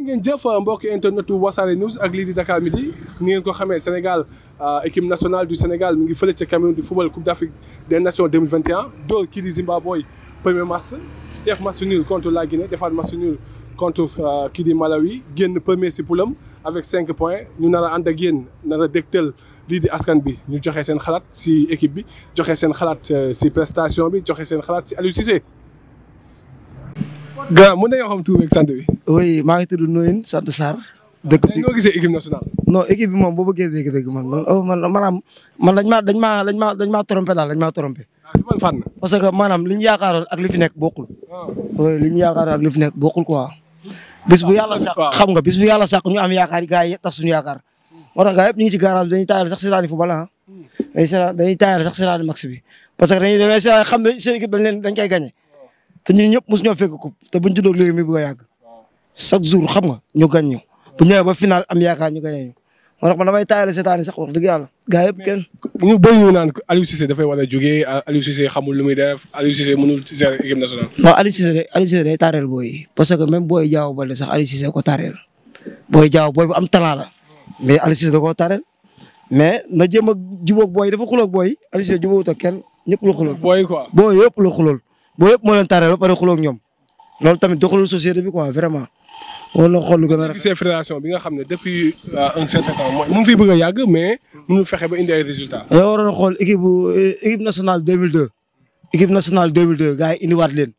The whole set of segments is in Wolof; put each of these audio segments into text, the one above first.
li ngeen jëf mbokk internet wasaare news ak lii di Dakar midi ni ngeen ko xamee Sénégal euh, équipe nationale du Sénégal mi ngi fële ca Cameroun di football coupe d' Afrique des nations 2021 dóor kii di Zimbabwe premier match def match nul contre la Guinée defaat match nul contre euh, kii di Malawi génn premier si poulam avec cinq points ñu nar a ànd ak yéen nar a dégtal lii di askan bi ñu joxe seen xalaat si équipe bi joxe seen xalaat euh, si prestation bi joxe seen xalaat si Aliou gaa mën nañoo xam tuuti ak sant bi. oui maa ngi tudd Noyin sant Sarr. dëkk bi bi moom boo bëggee dégg-dégg man oh, man maanaam man dañ maa dañ maa dañ maa dañ maa trompé daal dañ maa trompé. Ah, parce que maanaam li ñu yaakaaroon ak li fi nekk bokkul. Ah. oui li ñu yaakaaroon ak li fi nekk bokkul quoi. bis bu yàlla sàq ah. xam nga bis bu yàlla sàq ñu am yaakaar yi gars yi tas suñu yaakaar. moo tax gars yëpp ñu ngi ci garage dañuy taayal sax seetaani football ah. Hmm. dañuy seetaan dañuy xam ne seen équipe dañ leen te ñun ñëpp mosu ñoo fekk coupe te buñ juddoo léegi mi bëgg a chaque jour xam nga ñu gagné ñu ba final am yaakaar ñu gagné ñu moo tax man damay taayal seetaan sax wax dëgg yàlla gaa yëpp kenn. ñu naan Aliou Cissé dafay war a jógee Aliou Cissé xamul lu muy def Aliou Cissé mënul gérer équipe nationale. non Aliou Cissé de Aliou Cissé day taareel booy parce que même booy jaaw ba sax Aliou Cissé ko taareel booy jaaw booy bu am talent la mais Aliou Cissé da mais na jéem a jubóog booy dafa xuloog booy Aliou Cissé jubóowut ak kenn ñëpp la xulool. booy quoi booy yëpp la boo yëpp moo leen tardé ba pare xuloo ak ñoom loolu tamit doxalul société bi quoi vraiment. war na xool lu gën bi nga xam ne depuis euh, un certain temps mooy mu a yàgg mais mënul fexe ba indi ay résultats. yow waroon na xool équipe euh, équipe nationale 2002 équipe nationale 2002 gars yi indiwaat leen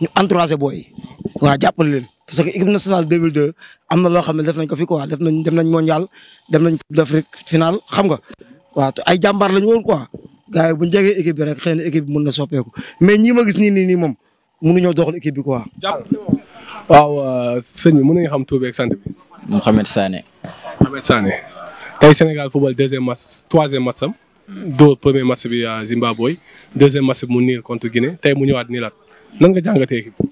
ñu entouragé booy yi waaw leen parce que équipe nationale 2002 am na loo xam ne def nañ ko fi quoi def nañu dem nañ mondial dem nañ d'Afrique finale xam nga waaw ay jàmbaar lañu woon quoi. gars yi bu ñu jegee équipe bi rek xëy na équipe bi mën na soppeeku mais ñi ma gis nii nii mun moom mënuñoo doxal équipe bi quoi. waaw euh, sëñ bi nañu xam tur beeg sant bi. Mouhamed Sané. Mouhamed Sané tey Sénégal football deuxième match troisième match am. dóor premier match bi Zimbabwe deuxième match bi mu niil contre Guinée tey mu ñëwaat niilaat nan nga jàngatee équipe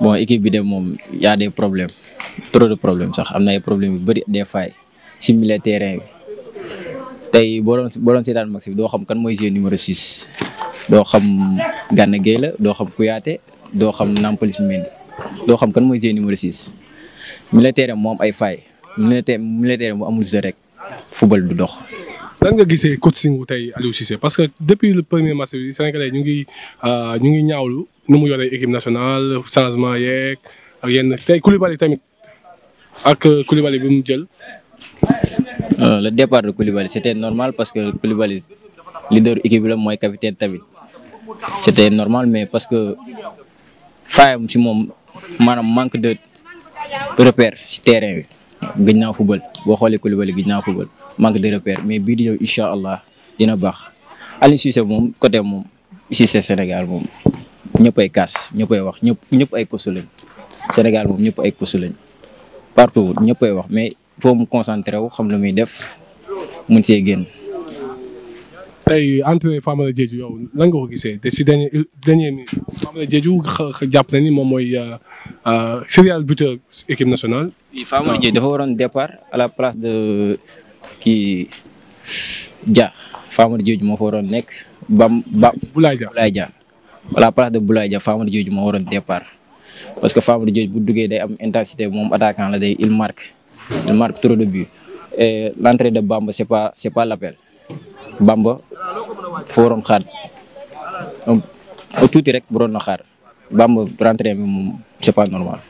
bon équipe bi de moom yaa a des problèmes trop de problème sax am na ay problèmes yu bëri des failles si milieu terrain bi. tey boo doon seetaan Maxime doo xam kan mooy joueur numéro 6 doo xam Gana Gueye la doo xam Kouyaté doo xam Nampalys Mendy doo xam kan mooy joueur numéro 6 militaire moom ay faay militaire militaire amul jeu rek football du dox. nan nga gisee coaching wu tey Aliou parce que depuis le premier match bi ñu ngi euh, ñu ngi ñaawlu nu mu yoree équipe nationale changement yeeg ak yenn tey Koulibaly tamit ak Koulibaly bi mu jël Euh, le départ de Koulibaly c' était normal parce que Koulibaly leader équipe la mooy capitaine tamit c' normal mais parce que faayam si moom maanaam manque de repère si terrain bi gëj naa football boo xoolee Koulibaly gëj naa football manque de repère mais bii di ñëw incha allah dina baax Aliou Cissé moom côté moom Cissé Sénégal moom ñëpp ay kaas ñëpp ay wax ñëpp ñëpp ay kosu lañ Sénégal moom ñëpp ay kosu lañ partout ñëpp wax mais foo mu concentré wu xam la muy def mu see génn. tey entraîneur Famara Diédhiou yow lan nga ko gisee te si dernier dernier jàpp na ni moom mooy euh, euh, serial buteur équipe nationale. waaw Famara Diédhiou dafa waroon départ à la place de kii Dia Famara Diédhiou moo fa waroon nekk Bam Bam. Boulaye Dia Boulaye Dia à la place de Boulaye Dia Famara Diédhiou moo waroon départ parce que Famara Diédhiou bu duggee day am intensité moom attaquant la day il marque. Il marque trop de buts. Et l'entrée de Bamba, c'est pas l'appel. Bamba foo waroon xaar tuuti rek bu na xaar Bamba rentrée bi moom c'est pas normal.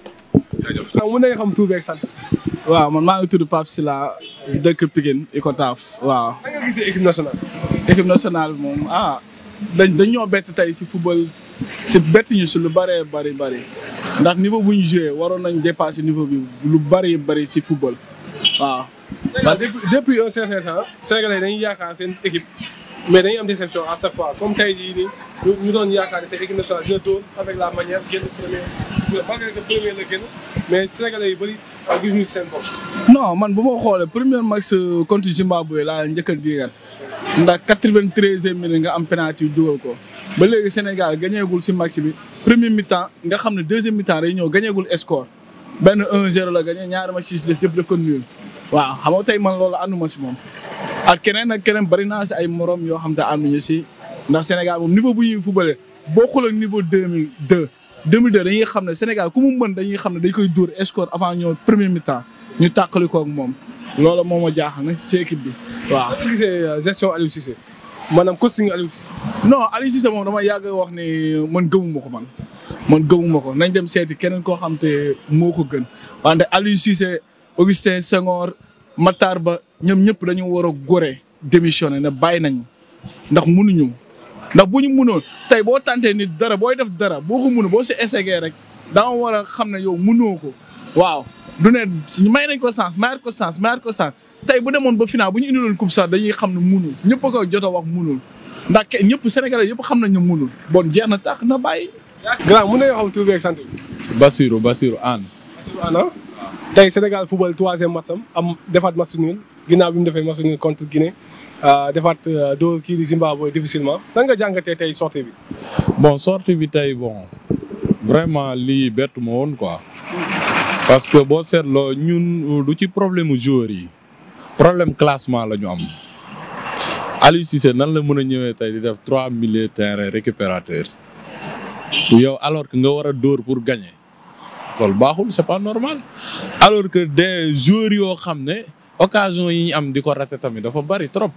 waaw mën nañu xam tur beeg waaw man maa ngi tudd Pape Sylla dëkk Pikine Icotaf waaw. nga gisee équipe nationale. équipe nationale moom ah dañ dañoo bett tey si football si bett ñu lu bëree bëri bëri ndax niveau bu ñu joué waroon nañ dépasser niveau bi lu bari bari si football waaw. parce que depuis un certain temps dañuy yaakaar seen équipe mais dañuy am déception à chaque fois comme tey jii nii ñu ñu doon yaakaar ne tey équipe nationale dina dóor avec la manière génn premier malgré que premier la génn mais Sénégalais yu bëri gisuñu seen bopp. non man bu ma xoolee premier match contre Zimbabwe laa njëkk a ndax quatre-vingt-treizième minute nga am penalty dugal ko. ba léegi Sénégal gañeegul si match bi premier mi-temps nga xam ne deuxième mi-temps day ñëw gañeegul score benn 1-0 la gañe ñaari match yi si des yëpp daf ko nuyul waaw xam nga tey man loolu ànduma si moom. ak keneen ak keneen bari naa si ay moroom yoo xam te ñu si ndax Sénégal moom niveau bu ñu ñuy footballé bokkul ak niveau 2002. 2002 dañuy xam ne Sénégal ku mu mën dañuy xam ne dañ koy dóor score avant ñoo premier mi-temps ñu tàqali koog moom loolu moo ma jaaxal nag si bi waaw. gisee euh, gestion Aliou maanaam coaching Aliou Cissé non Aliou moom dama yàgg wax ne man gëmuma ko man man gëmuma ko nañ dem seeti keneen koo xam te moo ko gën wante Aliou Cissé Augustin Senghor Matar Ba ñoom ñëpp dañu war a gore démissionné ne bàyyi nañu ndax munuñu ndax bu ñu mënoon tey boo tante nit dara booy def dara boo ko mënu boo si essayé rek daa wara a xam ne yow mënoo ko waaw du ne may nañ ko sens mayaat ko sens mayaat ko sens tey bu demoon ba final bu ñu indiloon coupe sax dañuy xam ne munul ñëpp a koy jot a wax munul ndax ñëpp Sénégalais yëpp xam nañ ne munul bon jeex na tàq na bàyyi. grand mën nañoo xam tur beeg sant bi. Basirou ah. tey Sénégal football troisième match am defaat match nul ginnaaw bi mu defee match nul contre Guinée ah, defaat euh, dóor kii di Zimbabwe difficilement nan nga jàngatee tey sortie bi. bon sorti bi tey bon vraiment li bett ma woon quoi. parce que boo seetloo ñun du ci problème mu joueur yi. problème classement la ñu am Aliou nan la mën a ñëwee tey di def trois milieux terrain récupérateur yow alors que nga war a dóor pour gagner loolu baaxul c'est pas normal alors que des joueurs yoo xam ne occasion yi ñu am di ko rate tamit dafa bari trop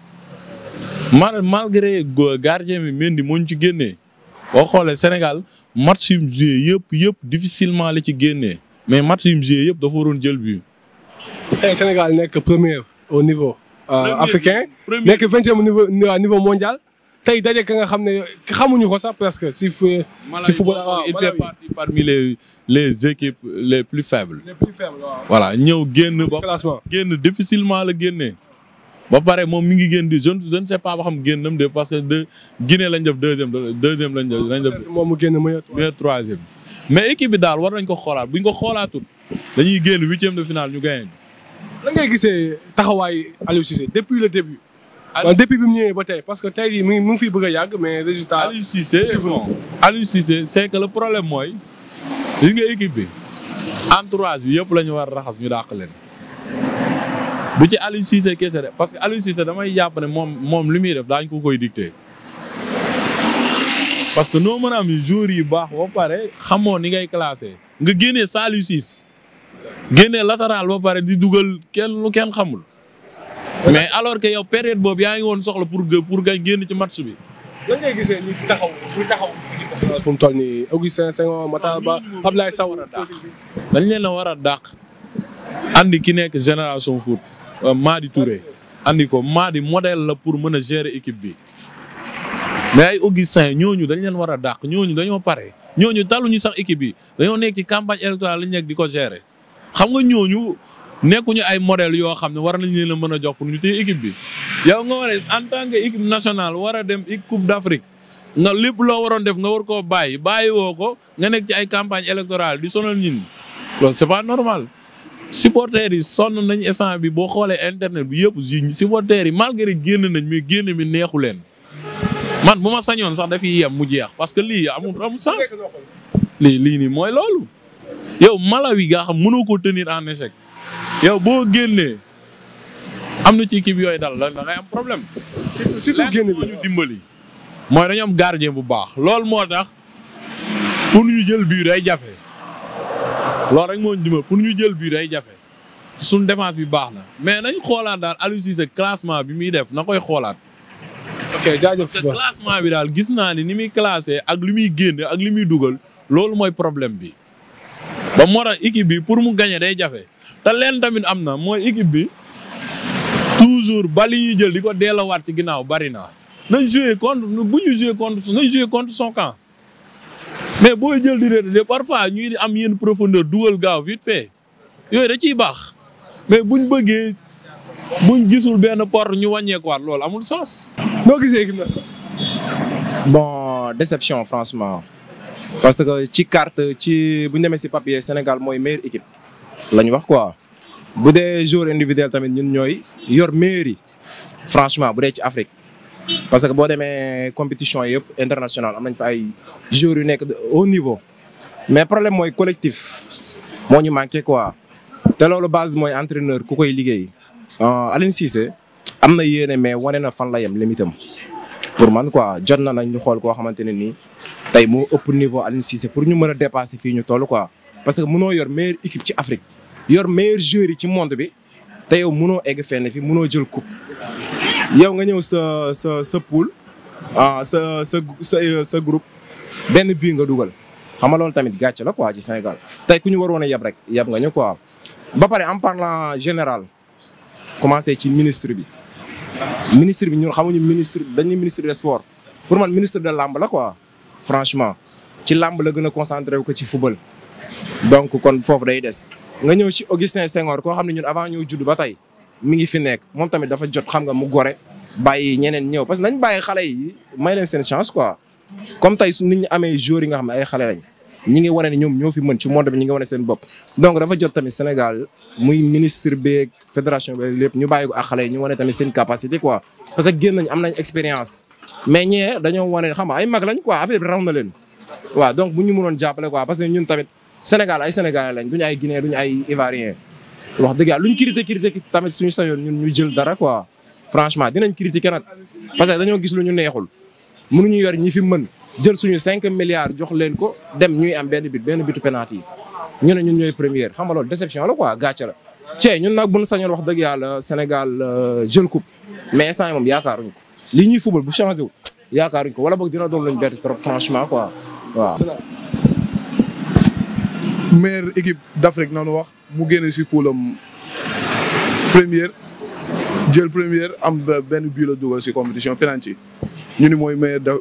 mal malgré gardien mi Mendy moo ñu ci génnee boo xoolee Sénégal match yu mu yëpp yëpp difficilement la ci génnee mais match yu mu yëpp dafa waroon jël bi tey Sénégal nekk première. au niveau euh, africain nekk vingtième niveau euh, niveau mondial tey daje ka nga xam ne xamuñu ko sax presque si fu football il fait partie parmi les les équipes les plus faibles les plus faibles waaw ñëw génn ba classement génn difficilement la génnee ba pare moom mi ngi génn di je je ne sais pas ba xam génnam de parce que de Guinée lañ def deuxième deuxième lañ def lañ def moom mu génn meilleur troisième mais équipe bi daal war nañ ko xoolaat buñ ko xoolaatul dañuy génn huitième de finale ñu gagné lan ngay gisee taxawaay Aliou Cissé depuis le début. depuis bi mu ba tey parce que tey jii mu ngi mu ngi fiy bëgg a yàgg mais résultat. Aliou Cissé bon Aliou Cissé c' est problème mooy. gis nga équipe bi entourage bi yëpp la ñu war raxas ñu dàq leen. du ci Aliou Cissé kese de parce que Aliou Cissé damay jàpp ne moom moom li muy def daañ ko koy dicté. parce que noo mën a am jour yi baax ba pare xamoo ni ngay classé nga génnee Saliou Ciss génnee latéral ba pare di dugal kenn lu kenn xamul. mais alors que yow période boobu yaa ngi woon soxla pour pour nga génn ci match bi. lan ngay gisee ñi taxaw ñi taxaw. fu mu toll dañ leen a war a dàq. andi ki nekk génération foot euh, Madi Touré andi ko Madi modèle la pour mën a gérer équipe bi mais ay Augustin ñooñu dañ leen war a dàq ñooñu dañoo pare ñooñu taluñu sax équipe bi dañoo nekk ci campagne électorale lañ nekk di ko gere xam nga ñooñu nekkuñu ay modèle yoo xam ne war nañ leen a mën a jox pour ñu téye équipe bi. yow nga war en tant que équipe nationale war a dem coupe d'Afrique nga lépp loo waroon def nga war koo bàyyi bàyyi ko nga nekk ci ay campagne électorale di sonal ñin loolu c'est pas normal. supporters yi sonn nañ instant bi boo xoolee internet bi yëpp yi supporters yi malgré génn nañ mais génn mi neexu leen man bu ma sañoon sax dafiy yem mu jeex parce que lii amul amul sens lii lii nii mooy loolu. yow mala wi gaaxam mënoo ko tenir en échec yow boo génnee am na ci bi yooyu daal da ngay am problème. surtout surtout génn bi ñu dimbali. mooy dañu am gardien bu baax lool moo tax pour ñu jël bii day jafe loolu rek moo ñu pour ñu jël bii day jafe suñ défense bi baax na mais nañ xoolaat daal Aliou Cissé classement bi muy def na koy xoolaat. ok jaajëf parce que bi daal gis naa ni ni muy classé ak li muy génne ak li muy dugal loolu mooy problème bi. donc moo tax équipe bi pour mu gagné day jafe ta leen tamit am na mooy équipe bi toujours bal yi ñuy jël di ko delloowaat ci ginnaaw bari na nañ joué contre bu ñu joué contre nañ joué contre son camp mais boo jël di retraité parfois ñuy am yenn profondeur dugal gaaw vite fait yooyu da ciy baax mais buñ bëggee buñ gisul benn porte ñu wàññeekuwaat loolu amul sens. noo gisee équipe la. bon déception franchement. parce que ci carte ci bu ñu demee si papier Sénégal mooy meilleure équipe la ñu wax quoi bu dee joueur individuel tamit ñun ñooy yor meilleur yi franchement bu dee ci Afrique. parce que boo demee compétition yëpp international am nañ fa ay joueurs yu nekk au niveau mais problème mooy collectif moo ñu manqué quoi te loolu base mooy entraîneur ku koy liggéey ah, Aliou Cissé am na yéene mais wane na fan la yem limitam pour man quoi jot na nañ ñu xool koo xamante ne nii tey moo ëpp niveau Aliou Cissé pour ñu mën a dépasser fii ñu toll quoi parce que mënoo yor meilleure équipe ci Afrique yor mais joueur yi ci monde bi te yow mënoo egg fenn fi mënoo jël coupe yow nga ñëw sa sa sa poule ah sa sa sa sa groupe benn bii nga dugal xam nga loolu tamit gàcce la quoi ci Sénégal tey ku ñu waroon a yab rek yab nga ñu quoi ba pare en parlant général commencé ci ministre bi. ministre bi ñun xamuñu ministre dañuy ministre de sports pour man ministre de làmb ko quoi franchement ci làmb la gën a concentré wu ko ci football. donc kon foofu day des nga ñëw ci Augustin Senghor koo xam ne ñun avant ñoo judd ba tey mi ngi fi nekk moom tamit dafa jot xam nga mu gore bàyyi ñeneen ñëw parce nañ bàyyi xale yi may leen seen chance quoi comme tey su ni ñi amee joueurs yi nga xam ne ay xale lañ. ñi ngi wane ne ñoom ñoo fi mën ci monde bi ñi ngi wane seen bopp donc dafa jot tamit Sénégal muy ministre beeg fédération bi lépp ñu bàyyi ko ak xale yi ñu wane tamit seen capacité quoi parce que génn nañ am nañ expérience mais ñee dañoo wane xam nga ay mag lañ quoi affaire bi raw na leen waaw donc bu ñu mënoon jàppale quoi parce que ñun tamit Sénégal ay Sénégalais lañ duñu ay Guinéen duñu ay Ivoirien wax dëgg yàlla luñ critiqué critiqué tamit suñu sayoon ñun ñu jël dara quoi franchement dinañ critiqué nag parce que dañoo gis lu ñu neexul mënuñu yor ñi fi mën jël suñu cinq milliards jox leen ko dem ñuy am benn bit benn bitu penalty yi ñu ne ñun ñooy première xam nga déception la quoi gàcce cee ñun nag bu ñu sañoon wax dëgg yàlla Sénégal euh, jël coupe mais instant moom yaakaaruñ ko li ñuy fubal bu changé wu yaakaaruñ ko wala boog dina doon luñ bett trop franchement quoi waaw. meilleure équipe d'Afrique nanu wax mu génne si poulam première jël première am benn but la dugal si compétition penalty ñu ni mooy meilleur da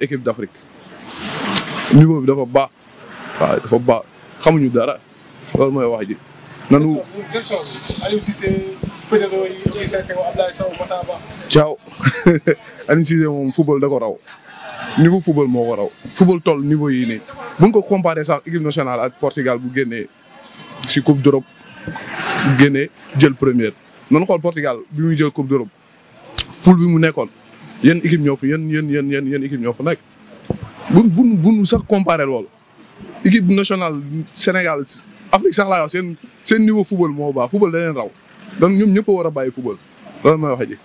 équipe d' Afrique niveau dafa baax waaw dafa xamuñu dara loolu mooy wax ji. nanu caaw Aliou Cissé moom football da ko raw niveau football moo ko raw football toll niveau yi nii bu ñu ko comparé sax équipe nationale ak Portugal bu génnee si coupe d'Europe bu jël première. noonu xool Portugal bi muy jël coupe d'Europe poule bi mu nekkoon yan équipe ñoo fi yan yan yan yan yan équipe ñoo fa nekk bu bu bu sax comparé loolu équipe national Sénégal Afrique sax laa wax seen seen niveau football moo baax football da raw donc ñoom ñëpp a war a bàyyi football loolu mooy wax ji.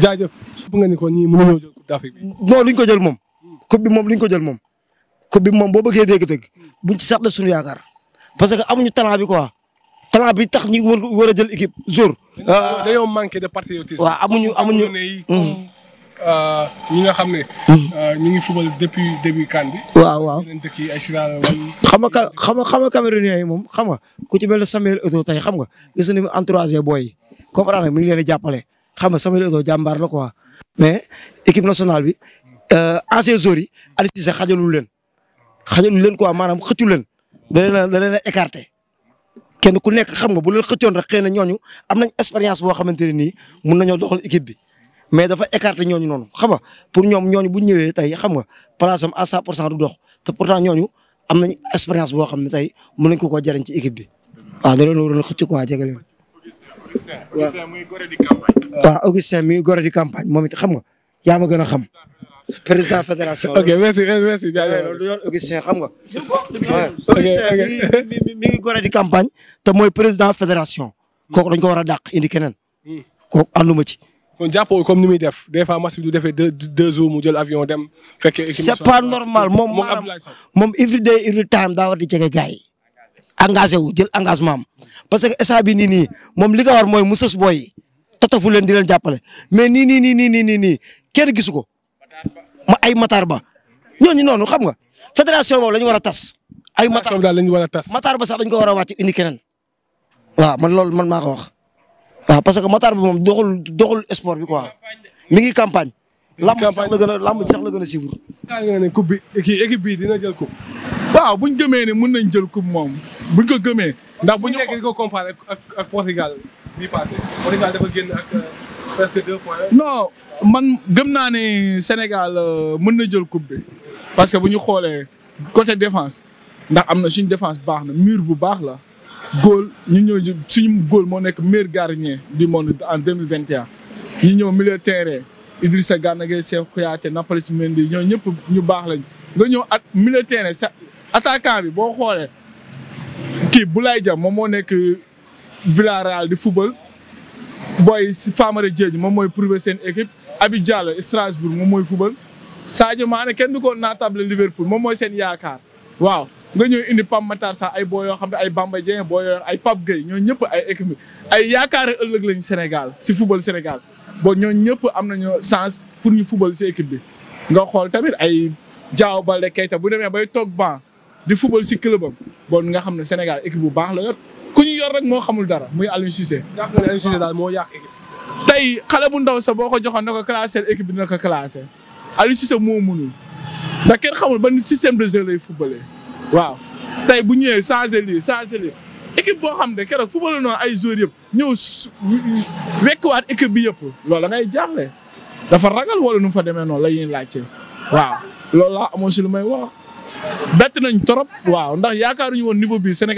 jaajëf. bu nga ni ko ñii mënuñoo jël coupe d'Afrique bi. moom. coupe bi moom luñ ko jël moom. coupe moom boo bëggee dégg-dégg buñ ci sax def suñu yaakaar parce que amuñu talent bi quoi. talent bi tax ñu war war a jël équipe jour. dañoo ah. manqué de patriotisme. waaw amuñu amuñu mm. euh, ñi nga xam ne. Mm. Euh, ñu ngi fubal depuis début kan bi. waaw xam xam nga xam nga yi moom xam nga ku ci mel ne Samuel Eto'o tey xam nga gis nañu entouragé booy yi comprendre nga mi ngi leen jàppale xam nga Samuel Eto'o jàmbaar la quoi. mais équipe nationale bi euh, ancien joueurs yi Aliou Cissé xajalul leen xajalul leen quoi maanaam xëccul leen da leen kenn ku nekk xam bu leen xëccoon rek xëy na ñooñu am nañ expérience boo xamante ne nii mun nañoo doxal équipe bi mais dafa écarter ñooñu noonu xam nga pour ñoom ñooñu bu ñëwee tey xam nga place am à 100 pour cent du dox te pourtant ñooñu am nañ expérience boo xam ne tey mun nañ ko koo jëriñ ci équipe bi waaw da leen waroon xëcc quoi jege leen. waaw gore di campagne. waaw Augustin muy moom it xam nga yaa ma gën a xam. président fédération. ok merci merci jaajëf xam nga. mi mi di campagne. te mooy président fédération. kooku dañ ko war a dàq indi keneen. Hmm. kooku ànduma ci. kon jàppoo comme ni muy def des fois match bi defee deux deux jours mu jël avion dem. fekkee c' est pas normal moom maanaam moom i day every time daa war di jege gars yi. engagé wu jël engagement parce que instant bi nii nii moom li nga war mooy mu sës booy yi tatafu leen di leen jàppale mais nii nii nii nii nii nii kenn gisu ko. ma ay Matar Ba ñooñu noonu xam nga fédération boobu la ñu war a tas. ay Matar daal la ñu war a tas. Matar Ba sax dañ ko war a wàcc indi keneen. waaw man loolu man maa ko wax waaw parce que Matar Ba moom doxul doxul sport bi quoi mi ngi campagne. lamb sax la gën a lamb sax la gën a siiwul. daa bi kii équipe bi dina jël coupe. waaw bu ñu gëmee ne mën nañ jël coupe moom bu ñu ko gëmee. ndax bu ñu nekk di ko comparé ak ak Portugal bii passé Portugal dafa génn presque deux points. non man gëm naa ne Sénégal euh, mën na jël coupe bi parce que bu ñu xoolee côté défense ndax am na suñu défense baax na mur bu baax la góol ñu ñëw suñu góol moo nekk meilleur gardien di monde en deux mille vingt et un ñu ñëw milieu terrain Idrissa Gana Gueye Cheikhou Kouyaté Nampalys Mendy ñoo ñëpp ñu baax lañ nga ñëw at milieu terrain sa attaquant bi boo xoolee kii Boulaye Dia moom moo nekk Villarreal di football. booy si Famara Diédhiou moom mooy prouver seen équipe Habib Diallo Strasbourg moom mooy fubal Sadio Mané kenn du ko naatable Liverpool moom mooy seen yaakaar waaw nga ñëw indi Pape Matar sax ay boo yoo xam ne ay Bamba Dieng boo yoo ay Pape Gueye ñoo ñëpp ay équipe ay yaakaar ëllëg lañ Sénégal si fubal Sénégal boo ñoo ñëpp am nañu chance pour ñu fubal si équipe bi nga xool tamit ay Diao Baldé Keita bu demee bay toog banc di fubal si clubam bon nga xam ne Sénégal équipe bu baax la yor ku ñu yor rek moo xamul dara muy Aliou Cissé. jàpp daal moo yàq équipe. tey xale bu ndaw sa boo ko joxoon na ko classé équipe bi dina ko classé Aliou Cissé moo munul ndax kenn xamul ban système de jeu lay footballé waaw tey bu ñëwee changé li changé lii équipe boo xam ne keroog footballé noonu ay joueurs yëpp ñëw wekkuwaat équipe bi yëpp loolu da ngay jaaxle dafa ragal wala nu fa demee noonu la ñuy laajte waaw loolu laa amoon si lu bett nañ trop waaw ndax yaakaaruñu woon niveau bi Sénégal.